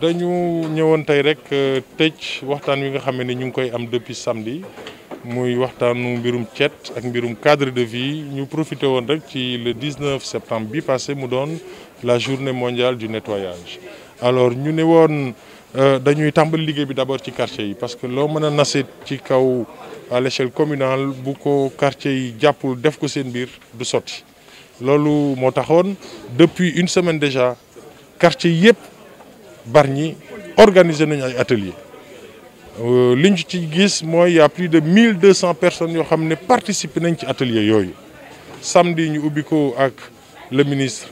dañu ñëwon tay rek euh, tëj waxtaan wi nga xam ne ñu ngi koy am depuis samedi muy waxtaanu mbirum cet ak mbirum cadre de vie ñu profité won rek ci le 19 septembre bi passé mu doon la journée mondiale du nettoyage alors ñu ne woon euh, dañuy tambal liggéey bi d'abord ci quartier yi parce que lo mën a ci kaw à l'échelle communale bu ko quartier yi jappul def ko seen biir du sotti lolu mo taxone depuis une semaine déjà quartier yépp Bargny organisé un ay atelier Euh, ñu ci gis y a plus de 1200 personnes qui ont participé à nañ atelier samedi nous ubiko avec ak le ministre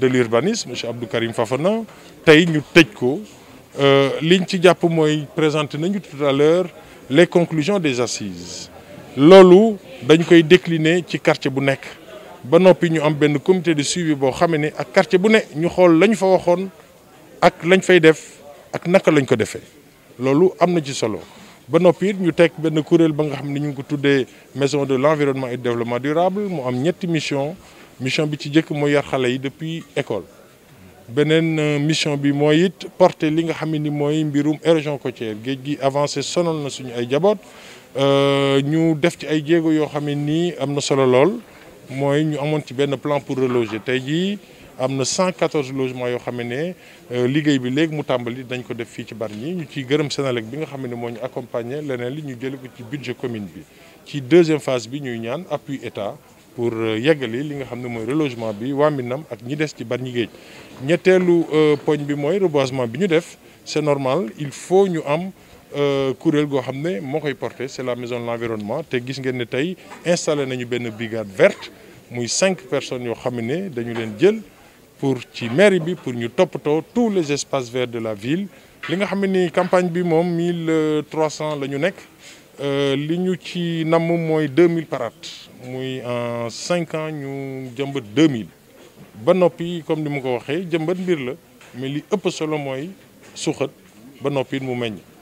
de l'urbanisme M. Abdou Karim Fafana tey ñu tëj ko euh, liñ ci moi mooy présenté tout à l'heure les conclusions des assises loolu dañ koy décliné ci quartier bu nekk ba noppi ñu am benn comité de suivi boo xamee ne ak quartier bu nous ñu xool lañ fa ak lañ fay def ak naka lañ ko defé lolou amna ci solo ba nous ñu tek ben courriel ba nga xamni ñu ko maison de l'environnement et développement durable mu am ñetti mission mission bi ci moy yar xalé depuis école benen euh, mission bi moy it porter li nga xamni moy mbirum côtière gi avancé sonal na suñu ay avons euh, ñu def ci ay jéego yo xamni amna solo ñu plan pour reloger am na 114 logements yo xamné ne euh, liggéey bi légui mu tambali dañ ko def fi ci Bargny ñu ci gërëm Senelec bi nga xamné ne ñu accompagner leneen li ñu jël ko ci budget commune bi ci deuxième phase bi ñuy ñaan appui état pour euh, yeggali li nga xamné ne relogement bi waminam ak ñi des ci Bargny Géej ñetteelu euh, pogne bi moy reboisement bi ñu def c'est normal il faut ñu am courriel go xamné mo koy porter c'est la maison de l'environnement té gis ngeen ne tay installer nañu benn brigade verte muy cinq personnes yo xamné dañu leen jël pour la pour nous tous les espaces verts de la ville. Ce que nous la campagne de 1300, nous avons fait 2000 parades. En 5 ans, nous avons 2000. Banopi, comme nous l'avons dit, nous avons fait 2000 Mais ce qui est le plus important, c'est que nous avons fait 2000 parades.